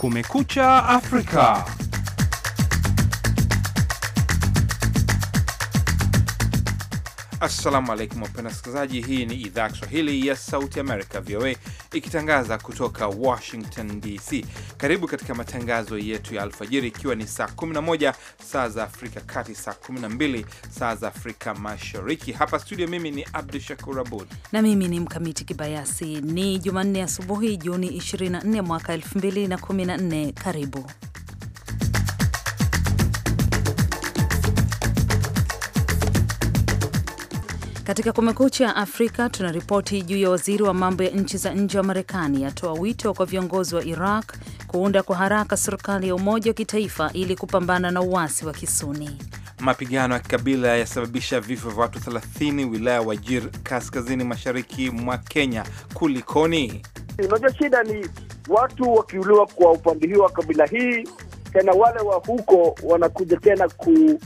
Kumekucha Afrika. Assalamu alaikum, wapenda wasikilizaji. Hii ni idhaa ya Kiswahili ya Sauti Amerika, VOA ikitangaza kutoka Washington DC. Karibu katika matangazo yetu ya alfajiri, ikiwa ni saa 11 saa za Afrika Kati, saa 12 saa za Afrika Mashariki. Hapa studio, mimi ni Abdu Shakur Abud na mimi ni Mkamiti Kibayasi. Ni Jumanne asubuhi, Juni 24 mwaka 2014. Karibu Katika Kumekucha Afrika tuna ripoti juu ya waziri wa mambo ya nchi za nje wa Marekani atoa wito kwa viongozi wa Iraq kuunda kwa haraka serikali ya umoja wa kitaifa ili kupambana na uasi wa Kisuni. Mapigano ya kikabila yasababisha vifo vya watu 30 wilaya Wajir, kaskazini mashariki mwa Kenya. Kulikoni? Unajua, shida ni watu wakiuliwa kwa upande hii wa kabila hii, tena wale wa huko wanakuja tena ku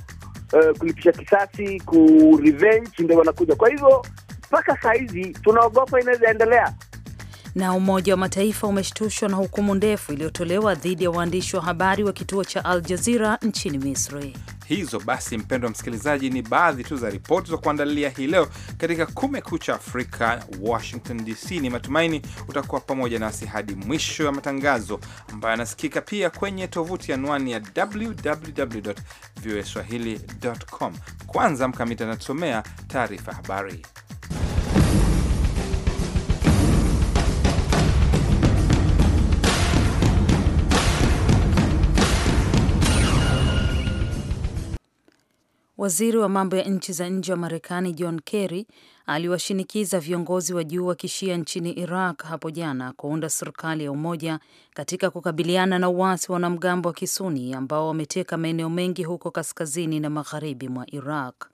Eh, kulipisha kisasi, ku revenge ndio wanakuja. Kwa hivyo mpaka saa hizi tunaogopa inaweza endelea na Umoja wa Mataifa umeshtushwa na hukumu ndefu iliyotolewa dhidi ya waandishi wa habari wa kituo cha Al Jazira nchini Misri hizo basi, mpendwa msikilizaji, ni baadhi tu za ripoti za kuandalia hii leo katika Kumekucha Afrika, Washington DC. Ni matumaini utakuwa pamoja nasi hadi mwisho ya matangazo ambayo yanasikika pia kwenye tovuti anwani ya www com. Kwanza Mkamiti anatusomea taarifa habari. Waziri wa mambo ya nchi za nje wa Marekani John Kerry aliwashinikiza viongozi wa juu wa kishia nchini Iraq hapo jana kuunda serikali ya umoja katika kukabiliana na uasi wa wanamgambo wa kisuni ambao wameteka maeneo mengi huko kaskazini na magharibi mwa Iraq.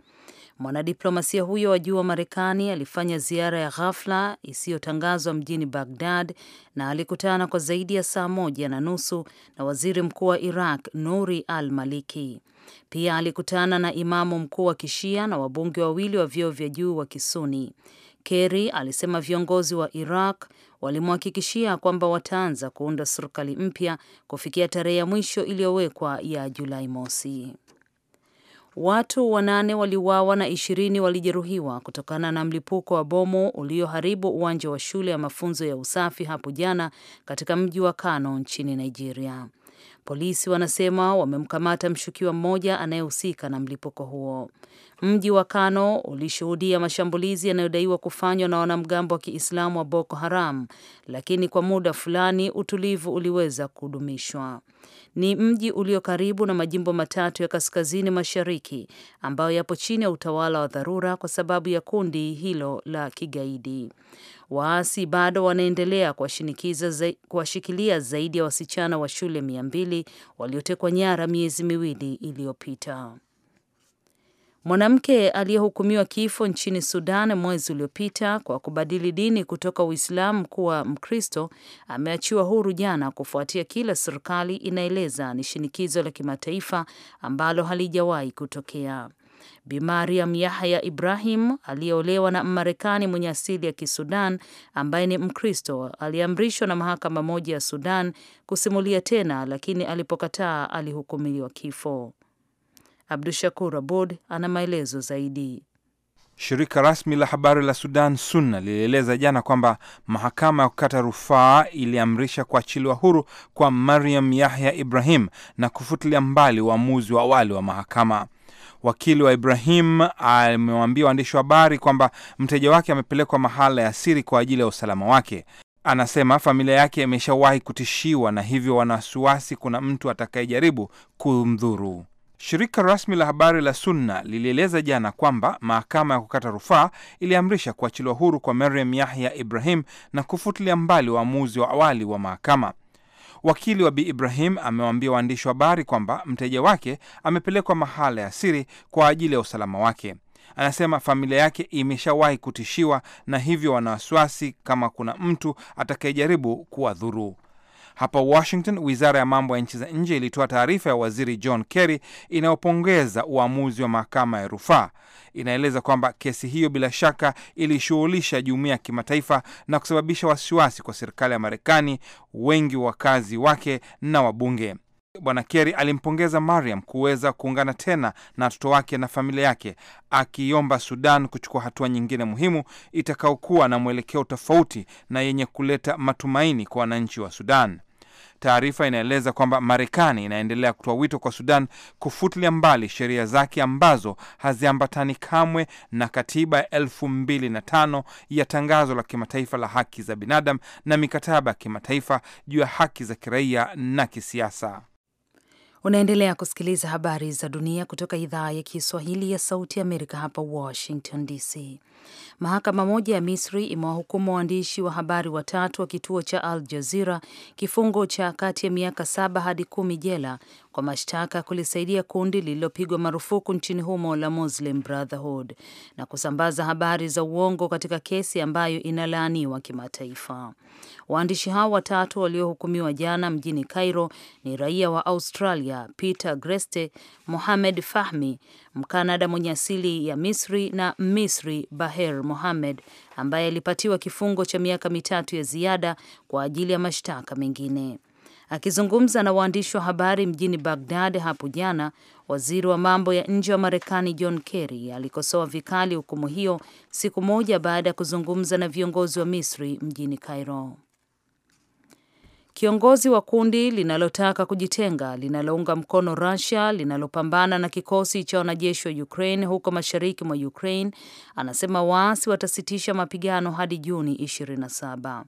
Mwanadiplomasia huyo wa juu wa Marekani alifanya ziara ya ghafla isiyotangazwa mjini Bagdad na alikutana kwa zaidi ya saa moja na nusu na waziri mkuu wa Iraq Nuri al Maliki. Pia alikutana na imamu mkuu wa Kishia na wabunge wawili wa vyeo vya juu wa Kisuni. Kerry alisema viongozi wa Iraq walimhakikishia kwamba wataanza kuunda serikali mpya kufikia tarehe ya mwisho iliyowekwa ya Julai mosi. Watu wanane waliuawa na ishirini walijeruhiwa kutokana na mlipuko wa bomu ulioharibu uwanja wa shule ya mafunzo ya usafi hapo jana katika mji wa Kano nchini Nigeria. Polisi wanasema wamemkamata mshukiwa mmoja anayehusika na mlipuko huo. Mji wa Kano ulishuhudia mashambulizi yanayodaiwa kufanywa na wanamgambo wa Kiislamu wa Boko Haram, lakini kwa muda fulani utulivu uliweza kudumishwa. Ni mji ulio karibu na majimbo matatu ya kaskazini mashariki ambayo yapo chini ya utawala wa dharura kwa sababu ya kundi hilo la kigaidi. Waasi bado wanaendelea kuwashinikiza za, kuwashikilia zaidi ya wasichana wa shule mia mbili waliotekwa nyara miezi miwili iliyopita. Mwanamke aliyehukumiwa kifo nchini Sudan mwezi uliopita kwa kubadili dini kutoka Uislamu kuwa Mkristo ameachiwa huru jana kufuatia kila serikali inaeleza ni shinikizo la kimataifa ambalo halijawahi kutokea. Bi Mariam Yahya Ibrahim aliyeolewa na Mmarekani mwenye asili ya Kisudan ambaye ni Mkristo aliamrishwa na mahakama moja ya Sudan kusimulia tena, lakini alipokataa alihukumiwa kifo. Abdu Shakur Abud ana maelezo zaidi. Shirika rasmi la habari la Sudan Sunna lilieleza jana kwamba mahakama ya kukata rufaa iliamrisha kuachiliwa huru kwa Mariam Yahya Ibrahim na kufutilia mbali uamuzi wa awali wa mahakama. Wakili wa Ibrahim amewaambia waandishi wa habari kwamba mteja wake amepelekwa mahala ya siri kwa ajili ya usalama wake. Anasema familia yake imeshawahi kutishiwa na hivyo wanawasiwasi kuna mtu atakayejaribu kumdhuru. Shirika rasmi la habari la Sunna lilieleza jana kwamba mahakama ya kukata rufaa iliamrisha kuachiliwa huru kwa Mariam Yahya Ibrahim na kufutilia mbali uamuzi wa awali wa mahakama. Wakili wa Bi Ibrahim amewaambia waandishi wa habari kwamba mteja wake amepelekwa mahala ya siri kwa ajili ya usalama wake. Anasema familia yake imeshawahi kutishiwa na hivyo wana wasiwasi kama kuna mtu atakayejaribu kuwadhuru. Hapa Washington, wizara ya mambo ya nchi za nje ilitoa taarifa ya waziri John Kerry inayopongeza uamuzi wa mahakama ya rufaa. Inaeleza kwamba kesi hiyo bila shaka ilishughulisha jumuiya ya kimataifa na kusababisha wasiwasi kwa serikali ya Marekani, wengi wakazi wake na wabunge. Bwana Kerry alimpongeza Mariam kuweza kuungana tena na watoto wake na familia yake, akiomba Sudan kuchukua hatua nyingine muhimu itakaokuwa na mwelekeo tofauti na yenye kuleta matumaini kwa wananchi wa Sudan. Taarifa inaeleza kwamba Marekani inaendelea kutoa wito kwa Sudan kufutilia mbali sheria zake ambazo haziambatani kamwe na katiba ya elfu mbili na tano ya tangazo la kimataifa la haki za binadamu na mikataba ya kimataifa juu ya haki za kiraia na kisiasa. Unaendelea kusikiliza habari za dunia kutoka idhaa ya Kiswahili ya Sauti ya Amerika, hapa Washington DC. Mahakama moja ya Misri imewahukumu waandishi wa habari watatu wa kituo cha Al Jazira kifungo cha kati ya miaka saba hadi kumi jela kwa mashtaka kulisaidia kundi lililopigwa marufuku nchini humo la Muslim Brotherhood na kusambaza habari za uongo katika kesi ambayo inalaaniwa kimataifa. Waandishi hao watatu waliohukumiwa jana mjini Cairo ni raia wa Australia Peter Greste, Mohamed Fahmi, Mkanada mwenye asili ya Misri na Misri Baher Mohamed ambaye alipatiwa kifungo cha miaka mitatu ya ziada kwa ajili ya mashtaka mengine. Akizungumza na waandishi wa habari mjini Bagdad hapo jana, waziri wa mambo ya nje wa Marekani John Kerry alikosoa vikali hukumu hiyo siku moja baada ya kuzungumza na viongozi wa Misri mjini Cairo. Kiongozi wa kundi linalotaka kujitenga linalounga mkono Russia linalopambana na kikosi cha wanajeshi wa Ukraine huko mashariki mwa Ukraine anasema waasi watasitisha mapigano hadi Juni 27.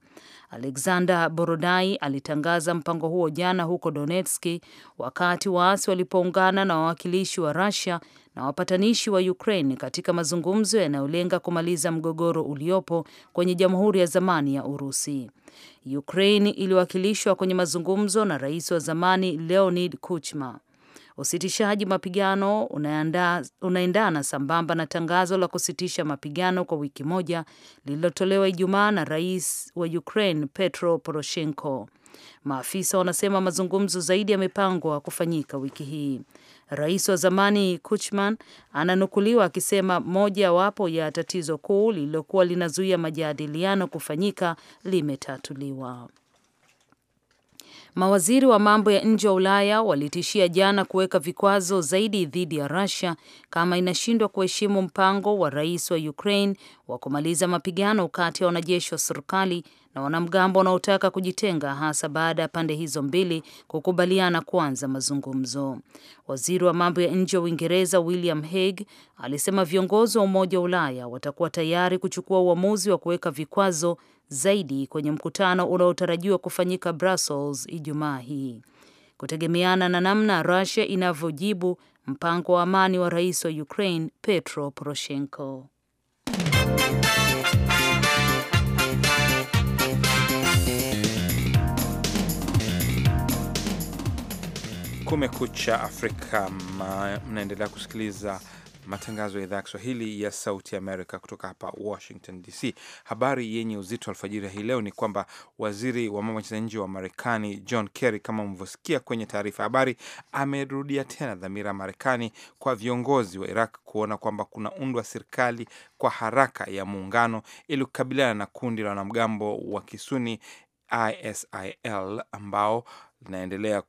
Alexander Borodai alitangaza mpango huo jana huko Donetski wakati waasi walipoungana na wawakilishi wa Russia na wapatanishi wa Ukraine katika mazungumzo yanayolenga kumaliza mgogoro uliopo kwenye jamhuri ya zamani ya Urusi. Ukraine iliwakilishwa kwenye mazungumzo na rais wa zamani Leonid Kuchma. Usitishaji mapigano unaendana sambamba na tangazo la kusitisha mapigano kwa wiki moja lililotolewa Ijumaa na rais wa Ukraine Petro Poroshenko. Maafisa wanasema mazungumzo zaidi yamepangwa kufanyika wiki hii. Rais wa zamani Kuchman ananukuliwa akisema mojawapo ya tatizo kuu lililokuwa linazuia majadiliano kufanyika limetatuliwa. Mawaziri wa mambo ya nje wa Ulaya walitishia jana kuweka vikwazo zaidi dhidi ya Russia kama inashindwa kuheshimu mpango wa rais wa Ukraine wa kumaliza mapigano kati ya wanajeshi wa serikali na wanamgambo wanaotaka kujitenga, hasa baada ya pande hizo mbili kukubaliana kuanza mazungumzo. Waziri wa mambo ya nje wa Uingereza William Hague alisema viongozi wa Umoja wa Ulaya watakuwa tayari kuchukua uamuzi wa kuweka vikwazo zaidi kwenye mkutano unaotarajiwa kufanyika Brussels Ijumaa hii. Kutegemeana na namna Russia inavyojibu mpango wa amani wa rais wa Ukraine Petro Poroshenko. Kumekucha Afrika. Mnaendelea kusikiliza matangazo ya idhaa ya Kiswahili ya Sauti Amerika kutoka hapa Washington DC. Habari yenye uzito alfajiri hii leo ni kwamba waziri wa mambo ya nje wa Marekani John Kerry, kama mlivyosikia kwenye taarifa ya habari, amerudia tena dhamira ya Marekani kwa viongozi wa Iraq kuona kwamba kuna undwa serikali kwa haraka ya muungano ili kukabiliana na kundi la wanamgambo wa Kisuni ISIL ambao linaendelea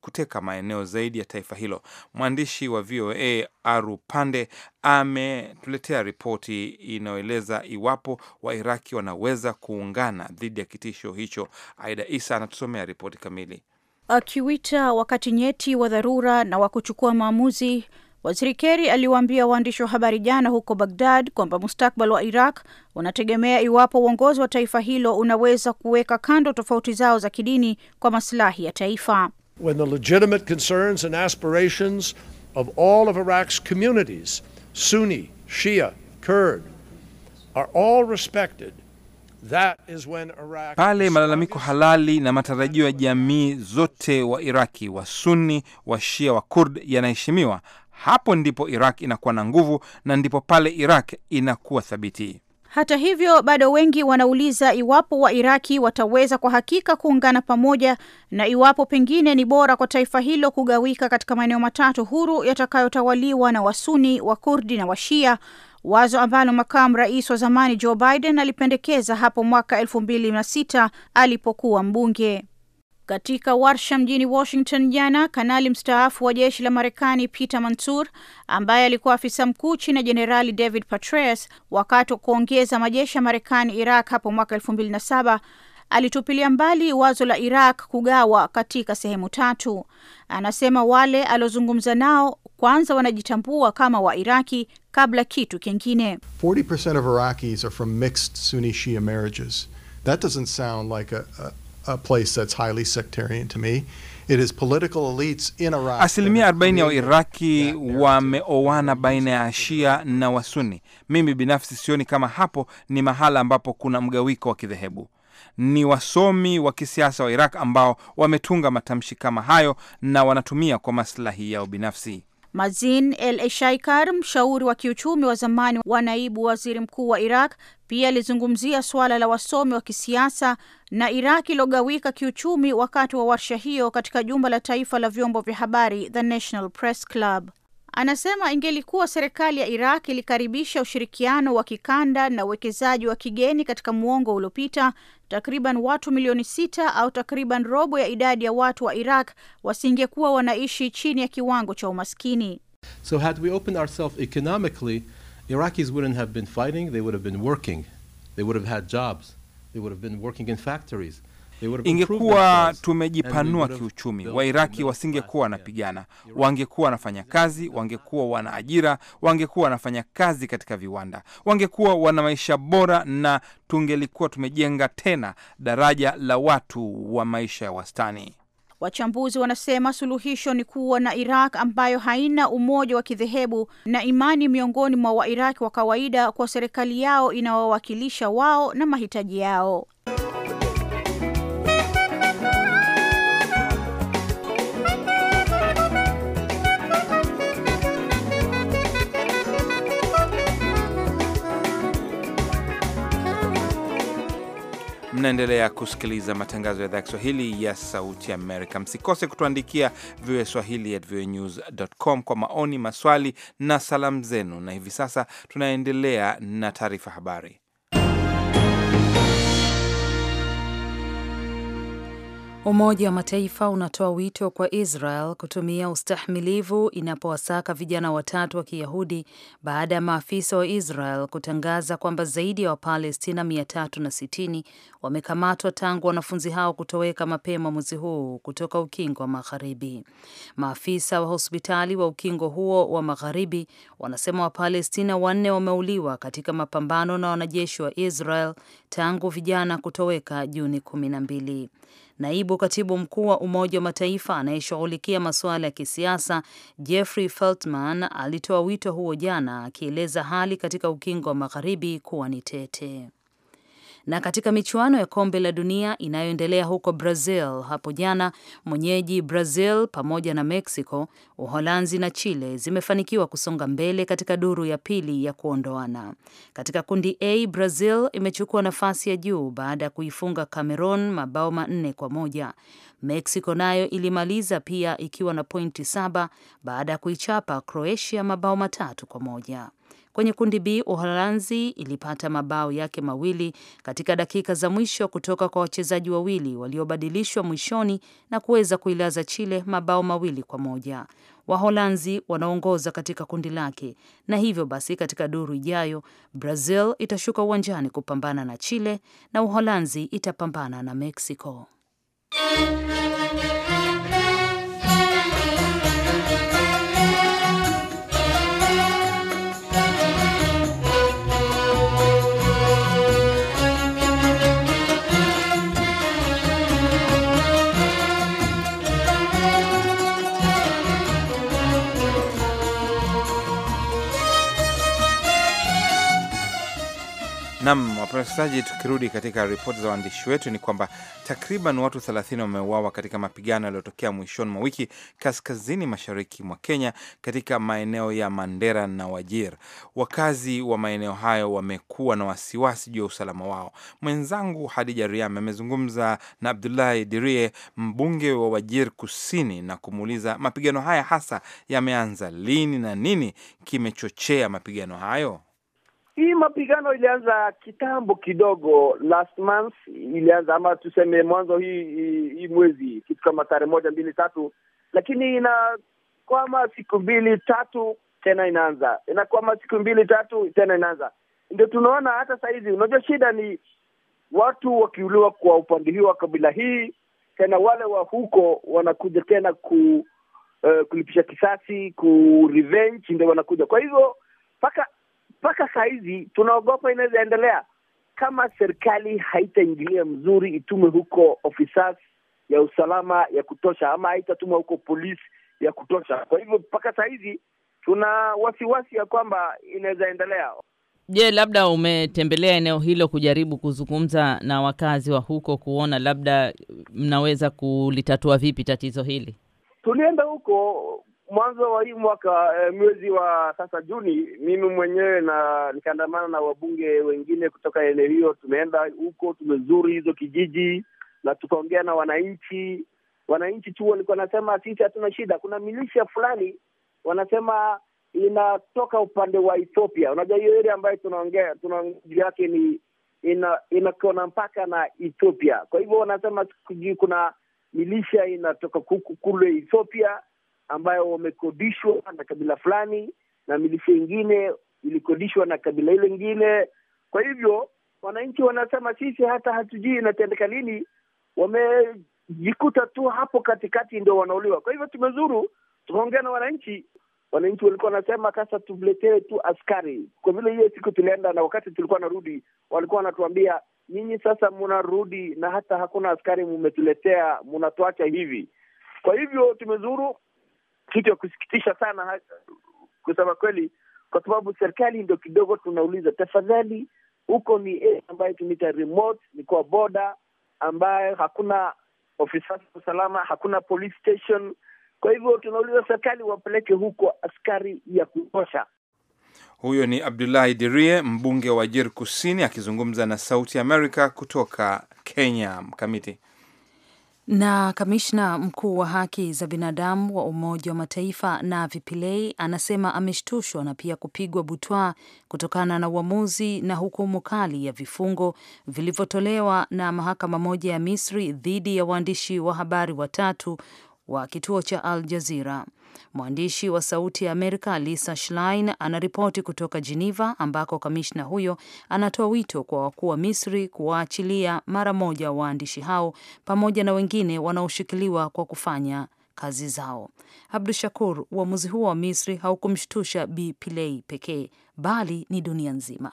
kuteka maeneo zaidi ya taifa hilo. Mwandishi wa VOA Aru Pande ametuletea ripoti inayoeleza iwapo Wairaki wanaweza kuungana dhidi ya kitisho hicho. Aida Isa anatusomea ripoti kamili. Akiwita wakati nyeti wa dharura na wa kuchukua maamuzi, Waziri Kerry aliwaambia waandishi wa habari jana huko Bagdad kwamba mustakbal wa Iraq unategemea iwapo uongozi wa taifa hilo unaweza kuweka kando tofauti zao za kidini kwa masilahi ya taifa. When the legitimate concerns and aspirations of all of Iraq's communities, Sunni, Shia, Kurd, are all respected That is when Iraq... pale malalamiko halali na matarajio ya jamii zote wa Iraki wa Sunni wa Shia wa Kurd yanaheshimiwa, hapo ndipo Iraq inakuwa na nguvu na ndipo pale Iraq inakuwa thabiti. Hata hivyo bado wengi wanauliza iwapo Wairaki wataweza kwa hakika kuungana pamoja na iwapo pengine ni bora kwa taifa hilo kugawika katika maeneo matatu huru yatakayotawaliwa na Wasuni, Wakurdi na Washia, wazo ambalo makamu rais wa zamani Joe Biden alipendekeza hapo mwaka elfu mbili na sita alipokuwa mbunge. Katika warsha mjini Washington jana, kanali mstaafu wa jeshi la Marekani Peter Mansour, ambaye alikuwa afisa mkuu chini ya Jenerali David Petraeus wakati wa kuongeza majeshi ya Marekani Iraq hapo mwaka elfu mbili na saba alitupilia mbali wazo la Iraq kugawa katika sehemu tatu. Anasema wale aliozungumza nao kwanza wanajitambua kama Wairaki kabla kitu kingine. 40% of Iraqis are from mixed Sunni Shia marriages. That doesn't sound like a, a a place that's highly sectarian to me. It is political elites in Iraq. Asilimia 40 ya Wairaki wameoana baina ya Shia na Wasuni. Mimi binafsi sioni kama hapo ni mahala ambapo kuna mgawiko wa kidhehebu. Ni wasomi wa kisiasa wa Iraq ambao wametunga matamshi kama hayo na wanatumia kwa maslahi yao binafsi. Mazin El Eshaikar, mshauri wa kiuchumi wa zamani wa naibu waziri mkuu wa Iraq, pia alizungumzia suala la wasomi wa kisiasa na Iraq iliogawika kiuchumi wakati wa warsha hiyo katika jumba la taifa la vyombo vya habari, The National Press Club. Anasema ingelikuwa serikali ya Iraq ilikaribisha ushirikiano wa kikanda na uwekezaji wa kigeni katika muongo uliopita, takriban watu milioni sita au takriban robo ya idadi ya watu wa Iraq wasingekuwa wanaishi chini ya kiwango cha umaskini. So had we opened ourselves economically, Iraqis wouldn't have been fighting, they would have been working. They would have had jobs. They would have been working in factories. Ingekuwa tumejipanua kiuchumi, Wairaki wasingekuwa wanapigana, wangekuwa wanafanya kazi, wangekuwa wana ajira, wangekuwa wanafanya kazi katika viwanda, wangekuwa wana maisha bora, na tungelikuwa tumejenga tena daraja la watu wa maisha ya wastani. Wachambuzi wanasema suluhisho ni kuwa na Iraq ambayo haina umoja wa kidhehebu na imani miongoni mwa Wairaki wa kawaida, kwa serikali yao inawawakilisha wao na mahitaji yao. Mnaendelea kusikiliza matangazo ya idhaa ya Kiswahili ya Sauti Amerika. Msikose kutuandikia VOA swahili at voanews.com kwa maoni, maswali na salamu zenu. Na hivi sasa tunaendelea na taarifa habari. Umoja wa Mataifa unatoa wito kwa Israel kutumia ustahimilivu inapowasaka vijana watatu wa Kiyahudi baada ya maafisa wa Israel kutangaza kwamba zaidi ya wa Wapalestina 360 wamekamatwa tangu wanafunzi hao kutoweka mapema mwezi huu kutoka Ukingo wa Magharibi. Maafisa wa hospitali wa Ukingo huo wa Magharibi wanasema Wapalestina wanne wameuliwa katika mapambano na wanajeshi wa Israel tangu vijana kutoweka Juni 12. Naibu katibu mkuu wa Umoja wa Mataifa anayeshughulikia masuala ya kisiasa Jeffrey Feltman alitoa wito huo jana, akieleza hali katika ukingo wa magharibi kuwa ni tete. Na katika michuano ya kombe la dunia inayoendelea huko Brazil hapo jana, mwenyeji Brazil pamoja na Mexico, Uholanzi na Chile zimefanikiwa kusonga mbele katika duru ya pili ya kuondoana. Katika kundi A, Brazil imechukua nafasi ya juu baada ya kuifunga Cameroon mabao manne kwa moja. Mexico nayo ilimaliza pia ikiwa na pointi saba baada ya kuichapa Croatia mabao matatu kwa moja. Kwenye kundi B, Uholanzi ilipata mabao yake mawili katika dakika za mwisho kutoka kwa wachezaji wawili waliobadilishwa mwishoni na kuweza kuilaza Chile mabao mawili kwa moja. Waholanzi wanaongoza katika kundi lake na hivyo basi, katika duru ijayo Brazil itashuka uwanjani kupambana na Chile na Uholanzi itapambana na Mexico. Nam wapasaji, tukirudi katika ripoti za waandishi wetu ni kwamba takriban watu 30 wameuawa katika mapigano yaliyotokea mwishoni mwa wiki kaskazini mashariki mwa Kenya, katika maeneo ya Mandera na Wajir. Wakazi wa maeneo hayo wamekuwa na wasiwasi juu ya usalama wao. Mwenzangu Hadija Riame amezungumza na Abdullahi Dirie, mbunge wa Wajir Kusini, na kumuuliza mapigano haya hasa yameanza lini na nini kimechochea mapigano hayo. Hii mapigano ilianza kitambo kidogo, last month ilianza ama tuseme mwanzo hii hii mwezi, kitu kama tarehe moja mbili tatu, lakini inakwama siku mbili tatu tena inaanza, inakwama siku mbili tatu tena inaanza. Ndio tunaona hata sahizi. Unajua, shida ni watu wakiuliwa kwa upande hii wa kabila hii, tena wale wa huko wanakuja tena ku uh, kulipisha kisasi ku revenge, ndio wanakuja. Kwa hivyo mpaka mpaka saa hizi tunaogopa inaweza endelea kama serikali haitaingilia mzuri, itume huko ofisa ya usalama ya kutosha, ama haitatuma huko polisi ya kutosha. Kwa hivyo mpaka saa hizi tuna wasiwasi ya kwamba inaweza endelea. Je, labda umetembelea eneo hilo kujaribu kuzungumza na wakazi wa huko kuona labda mnaweza kulitatua vipi tatizo hili? Tulienda huko mwanzo wa hii mwaka e, mwezi wa sasa Juni, mimi mwenyewe na nikaandamana na wabunge wengine kutoka eneo hiyo, tumeenda huko, tumezuru hizo kijiji na tukaongea na wananchi. Wananchi tu walikuwa wanasema sisi hatuna shida. Kuna milisha fulani wanasema inatoka upande wa Ethiopia. Unajua hiyo area ambayo tunaongea tunaongea yake ni ina inakona mpaka na Ethiopia, kwa hivyo wanasema kuna milisha inatoka kule Ethiopia ambayo wamekodishwa na kabila fulani na milisia ingine ilikodishwa na kabila ile ingine. Kwa hivyo wananchi wanasema sisi hata hatujui inatendeka lini, wamejikuta tu hapo katikati ndio wanauliwa. Kwa hivyo tumezuru, tumeongea na wananchi. Wananchi walikuwa wanasema sasa tuletee tu askari. Kwa vile hiyo siku tulienda na wakati tulikuwa narudi, walikuwa wanatuambia nyinyi sasa munarudi na hata hakuna askari mumetuletea, munatuacha hivi. Kwa hivyo tumezuru, kitu ya kusikitisha sana kusema kweli, kwa sababu serikali ndio kidogo tunauliza, tafadhali, huko ni eh, ambayo tunaita remote, ni kwa boda ambayo hakuna ofisa wa usalama, hakuna police station. Kwa hivyo tunauliza serikali wapeleke huko askari ya kutosha. Huyo ni Abdullahi Dirie, mbunge wa Wajir Kusini, akizungumza na Sauti Amerika kutoka Kenya. Mkamiti na kamishna mkuu wa haki za binadamu wa Umoja wa Mataifa na vipilei anasema ameshtushwa na pia kupigwa butwa kutokana na uamuzi na hukumu kali ya vifungo vilivyotolewa na mahakama moja ya Misri dhidi ya waandishi wa habari watatu wa kituo cha Al Jazeera. Mwandishi wa Sauti ya Amerika Lisa Schlein anaripoti kutoka Geneva, ambako kamishna huyo anatoa wito kwa wakuu wa Misri kuwaachilia mara moja waandishi hao pamoja na wengine wanaoshikiliwa kwa kufanya kazi zao. Abdu Shakur, uamuzi huo wa Misri haukumshtusha Bi Pilei pekee, bali ni dunia nzima.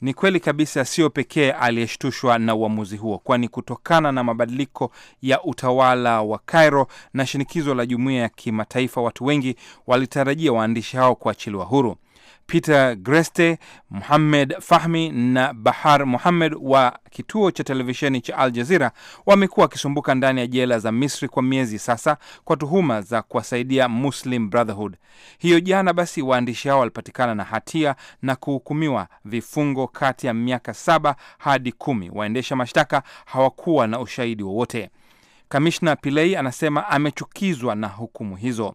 Ni kweli kabisa, sio pekee aliyeshtushwa na uamuzi huo, kwani kutokana na mabadiliko ya utawala wa Cairo na shinikizo la jumuiya ya kimataifa, watu wengi walitarajia waandishi hao kuachiliwa huru. Peter Greste, Muhammed Fahmi na Bahar Muhammed wa kituo cha televisheni cha Al Jazeera wamekuwa wakisumbuka ndani ya jela za Misri kwa miezi sasa kwa tuhuma za kuwasaidia Muslim Brotherhood. Hiyo jana basi waandishi hao walipatikana na hatia na kuhukumiwa vifungo kati ya miaka saba hadi kumi. Waendesha mashtaka hawakuwa na ushahidi wowote. Kamishna Pilei anasema amechukizwa na hukumu hizo.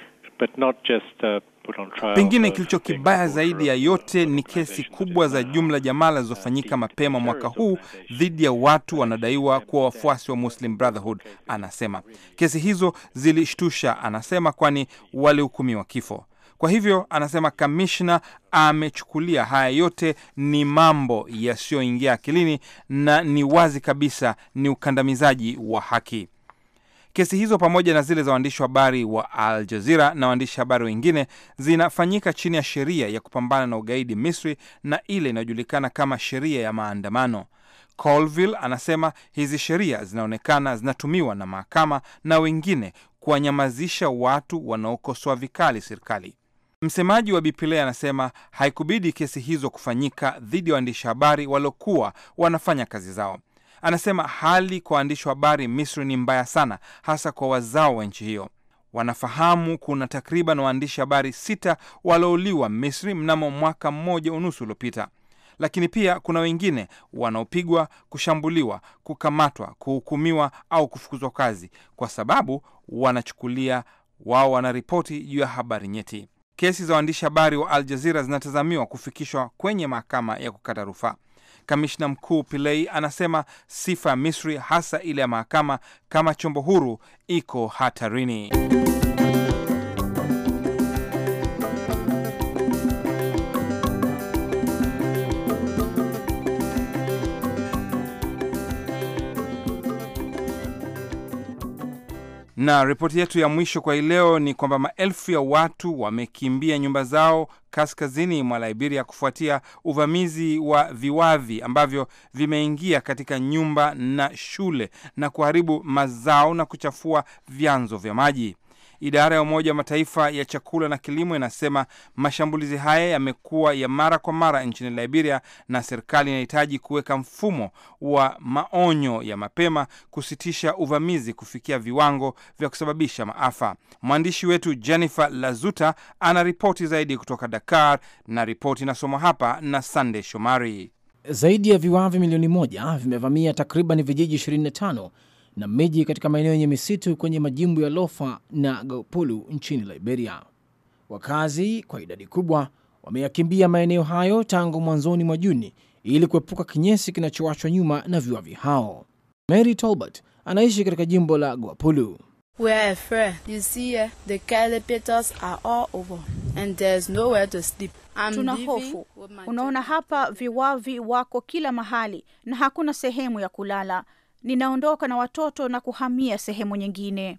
but not just, uh, put on trial. Pengine kilicho kibaya zaidi ya yote ni kesi kubwa za jumla jamaa zilizofanyika mapema mwaka huu dhidi ya watu wanadaiwa kuwa wafuasi wa Muslim Brotherhood. Anasema kesi hizo zilishtusha, anasema kwani walihukumiwa kifo. Kwa hivyo anasema kamishna amechukulia haya yote ni mambo yasiyoingia akilini na ni wazi kabisa ni ukandamizaji wa haki. Kesi hizo pamoja na zile za waandishi wa habari wa Al Jazira na waandishi habari wengine zinafanyika chini ya sheria ya kupambana na ugaidi Misri na ile inayojulikana kama sheria ya maandamano. Colville anasema hizi sheria zinaonekana zinatumiwa na mahakama na wengine kuwanyamazisha watu wanaokosoa vikali serikali. Msemaji wa Bipile anasema haikubidi kesi hizo kufanyika dhidi ya waandishi habari waliokuwa wanafanya kazi zao. Anasema hali kwa waandishi wa habari Misri ni mbaya sana, hasa kwa wazao wa nchi hiyo. Wanafahamu kuna takriban waandishi habari sita waliouliwa Misri mnamo mwaka mmoja unusu uliopita, lakini pia kuna wengine wanaopigwa, kushambuliwa, kukamatwa, kuhukumiwa au kufukuzwa kazi kwa sababu wanachukulia wao wanaripoti juu ya habari nyeti. Kesi za waandishi habari wa Al Jazira zinatazamiwa kufikishwa kwenye mahakama ya kukata rufaa. Kamishna mkuu Pilei anasema sifa ya Misri, hasa ile ya mahakama kama chombo huru, iko hatarini. Na ripoti yetu ya mwisho kwa hii leo ni kwamba maelfu ya watu wamekimbia nyumba zao kaskazini mwa Liberia kufuatia uvamizi wa viwavi ambavyo vimeingia katika nyumba na shule na kuharibu mazao na kuchafua vyanzo vya maji. Idara ya Umoja wa Mataifa ya chakula na kilimo inasema mashambulizi haya yamekuwa ya mara kwa mara nchini Liberia, na serikali inahitaji kuweka mfumo wa maonyo ya mapema kusitisha uvamizi kufikia viwango vya kusababisha maafa. Mwandishi wetu Jennifer Lazuta ana ripoti zaidi kutoka Dakar, na ripoti inasomwa hapa na sandey Shomari. Zaidi ya viwavi milioni moja vimevamia takriban vijiji 25 na miji katika maeneo yenye misitu kwenye majimbo ya Lofa na Gopulu nchini Liberia. Wakazi kwa idadi kubwa wameyakimbia maeneo hayo tangu mwanzoni mwa Juni ili kuepuka kinyesi kinachoachwa nyuma na viwavi hao. Mary Talbot anaishi katika jimbo la Gwapulu. Eh, Tuna hofu, unaona hapa viwavi wako kila mahali na hakuna sehemu ya kulala ninaondoka na watoto na kuhamia sehemu nyingine.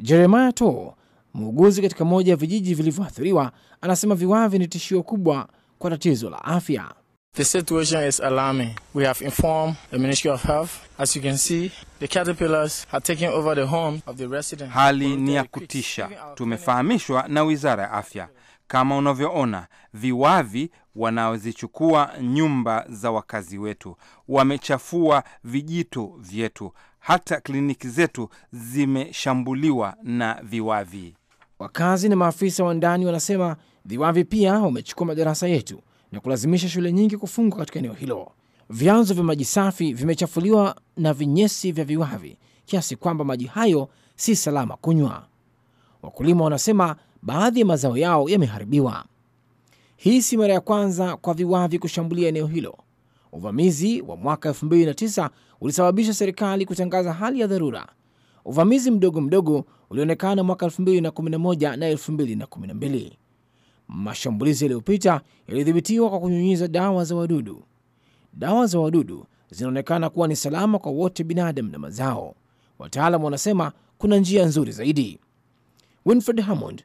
Jeremaya To, muuguzi katika moja ya vijiji vilivyoathiriwa, anasema viwavi ni tishio kubwa kwa tatizo la afya. The situation is alarming. We have informed the Ministry of Health. As you can see, the caterpillars over the home of the Hali ni ya kutisha. Tumefahamishwa na Wizara ya Afya. Kama unavyoona, viwavi wanaozichukua nyumba za wakazi wetu, wamechafua vijito vyetu, hata kliniki zetu zimeshambuliwa na viwavi. Wakazi na maafisa wa ndani wanasema viwavi pia wamechukua madarasa yetu na kulazimisha shule nyingi kufungwa katika eneo hilo. Vyanzo vya maji safi vimechafuliwa na vinyesi vya viwavi kiasi kwamba maji hayo si salama kunywa. Wakulima wanasema baadhi ya mazao yao yameharibiwa. Hii si mara ya kwanza kwa viwavi kushambulia eneo hilo. Uvamizi wa mwaka 2009 ulisababisha serikali kutangaza hali ya dharura. Uvamizi mdogo mdogo ulionekana mwaka 2011 na 2012. Mashambulizi yaliyopita yalidhibitiwa kwa kunyunyiza dawa za wadudu. Dawa za wadudu zinaonekana kuwa ni salama kwa wote, binadamu na mazao. Wataalamu wanasema kuna njia nzuri zaidi. Winfred Hammond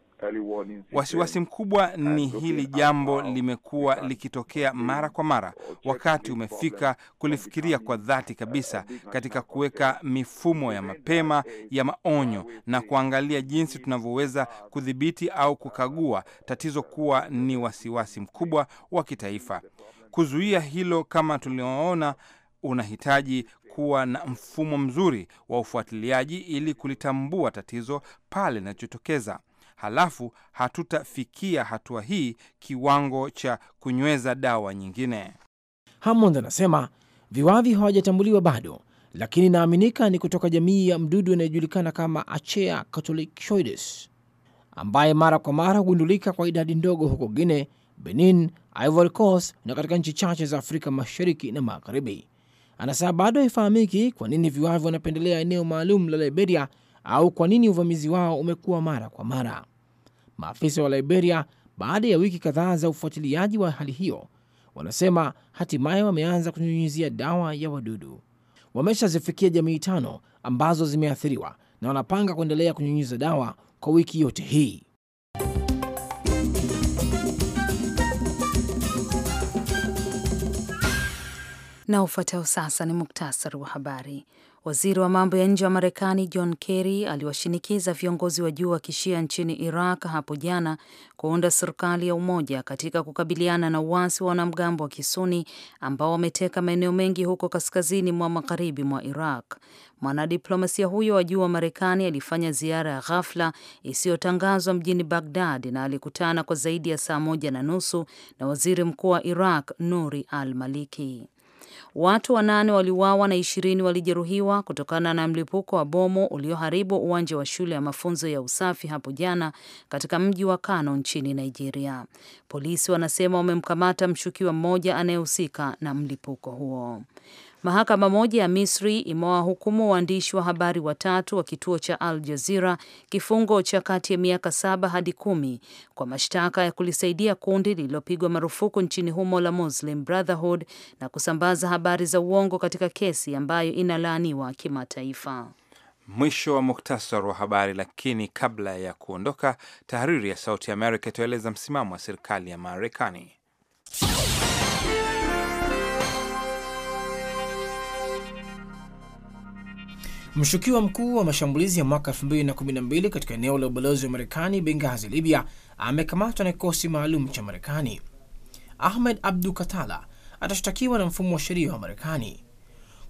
Wasiwasi mkubwa ni hili jambo limekuwa likitokea mara kwa mara. Wakati umefika kulifikiria kwa dhati kabisa katika kuweka mifumo ya mapema ya maonyo na kuangalia jinsi tunavyoweza kudhibiti au kukagua tatizo kuwa ni wasiwasi mkubwa wa kitaifa. Kuzuia hilo kama tulioona, unahitaji kuwa na mfumo mzuri wa ufuatiliaji ili kulitambua tatizo pale linachotokeza halafu hatutafikia hatua hii kiwango cha kunyweza dawa nyingine. Hammond anasema viwavi hawajatambuliwa bado, lakini inaaminika ni kutoka jamii ya mdudu inayojulikana kama Achea catholicoides ambaye mara kwa mara hugundulika kwa idadi ndogo huko Guine, Benin, Ivory Coast na katika nchi chache za Afrika mashariki na magharibi. Anasema bado haifahamiki kwa nini viwavi wanapendelea eneo maalum la Liberia au kwa nini uvamizi wao umekuwa mara kwa mara. Maafisa wa Liberia, baada ya wiki kadhaa za ufuatiliaji wa hali hiyo, wanasema hatimaye wameanza kunyunyizia dawa ya wadudu. Wameshazifikia jamii tano ambazo zimeathiriwa na wanapanga kuendelea kunyunyiza dawa kwa wiki yote hii. Na ufuatao sasa ni muktasari wa habari. Waziri wa mambo ya nje wa Marekani John Kerry aliwashinikiza viongozi wa juu wa kishia nchini Iraq hapo jana kuunda serikali ya umoja katika kukabiliana na uasi wa wanamgambo wa kisuni ambao wameteka maeneo mengi huko kaskazini mwa magharibi mwa Iraq. Mwanadiplomasia huyo wa juu wa Marekani alifanya ziara ya ghafla isiyotangazwa mjini Bagdad na alikutana kwa zaidi ya saa moja na nusu na waziri mkuu wa Iraq Nuri al Maliki. Watu wanane waliuawa na ishirini walijeruhiwa kutokana na mlipuko wa bomu ulioharibu uwanja wa shule ya mafunzo ya usafi hapo jana katika mji wa Kano nchini Nigeria. Polisi wanasema wamemkamata mshukiwa mmoja anayehusika na mlipuko huo. Mahakama moja ya Misri imewahukumu waandishi wa habari watatu wa kituo cha Al Jazira kifungo cha kati ya miaka saba hadi kumi kwa mashtaka ya kulisaidia kundi lililopigwa marufuku nchini humo la Muslim Brotherhood na kusambaza habari za uongo katika kesi ambayo inalaaniwa kimataifa. Mwisho wa muktasar wa habari. Lakini kabla ya kuondoka, tahariri ya Sauti ya Amerika itaeleza msimamo wa serikali ya Marekani. Mshukiwa mkuu wa mashambulizi ya mwaka 2012 katika eneo la ubalozi wa Marekani Bengazi, Libya, amekamatwa na kikosi maalum cha Marekani. Ahmed abdul Katala atashtakiwa na mfumo wa sheria wa Marekani.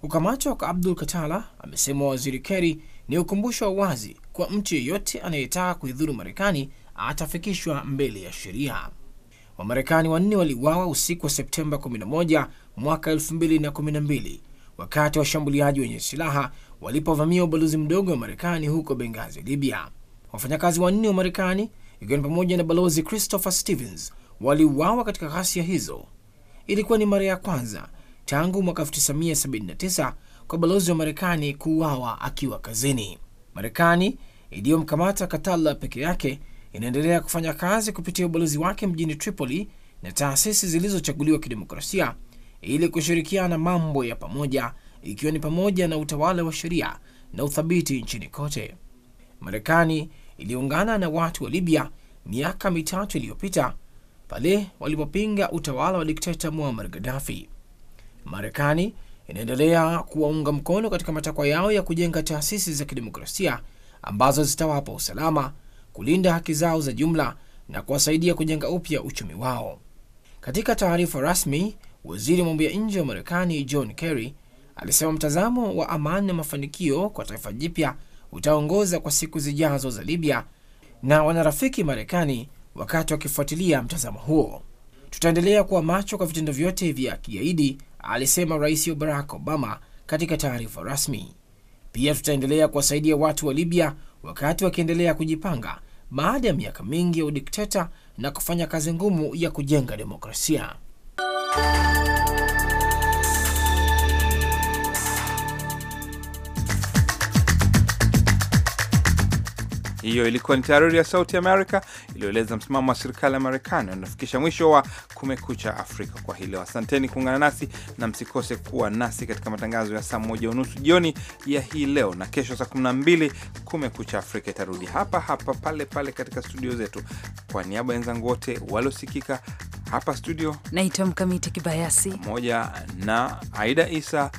Kukamatwa kwa Abdul Katala, amesema waziri Kerry, ni ukumbusho wa wazi kwa mtu yeyote anayetaka kuidhuru Marekani atafikishwa mbele ya sheria. Wamarekani wanne waliuawa usiku wa Septemba 11 mwaka 2012 wakati washambuliaji wenye silaha walipovamia ubalozi mdogo wa Marekani huko Bengazi, Libya. Wafanyakazi wanne wa Marekani, ikiwa ni pamoja na balozi Christopher Stevens, waliuawa katika ghasia hizo. Ilikuwa ni mara ya kwanza tangu mwaka 1979 kwa balozi wa Marekani kuuawa akiwa kazini. Marekani iliyomkamata Katalla peke yake inaendelea kufanya kazi kupitia ubalozi wake mjini Tripoli na taasisi zilizochaguliwa kidemokrasia ili kushirikiana mambo ya pamoja ikiwa ni pamoja na utawala wa sheria na uthabiti nchini kote. Marekani iliungana na watu wa Libya miaka mitatu iliyopita pale walipopinga utawala wa dikteta Muammar Gaddafi. Marekani inaendelea kuwaunga mkono katika matakwa yao ya kujenga taasisi za kidemokrasia ambazo zitawapa usalama, kulinda haki zao za jumla na kuwasaidia kujenga upya uchumi wao. Katika taarifa rasmi, waziri wa mambo ya nje wa Marekani John Kerry alisema mtazamo wa amani na mafanikio kwa taifa jipya utaongoza kwa siku zijazo za Libya na wanarafiki Marekani wakati wakifuatilia mtazamo huo. Tutaendelea kuwa macho kwa vitendo vyote vya kigaidi, alisema Rais Barack Obama katika taarifa rasmi. Pia tutaendelea kuwasaidia watu wa Libya wakati wakiendelea kujipanga baada ya miaka mingi ya udikteta na kufanya kazi ngumu ya kujenga demokrasia. Hiyo ilikuwa ni tahariri ya Sauti America iliyoeleza msimamo wa serikali ya Marekani. Unafikisha mwisho wa Kumekucha Afrika kwa hii leo. Asanteni kuungana nasi na msikose kuwa nasi katika matangazo ya saa moja unusu jioni ya hii leo na kesho saa 12 Kumekucha Afrika itarudi hapa hapa pale pale katika studio zetu. Kwa niaba ya wenzangu wote waliosikika hapa studio, naitwa Mkamiti Kibayasi pamoja na Aida Isa,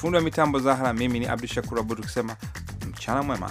fundi wa mitambo Zahra, mimi ni Abdu Shakur Abud tukisema mchana mwema.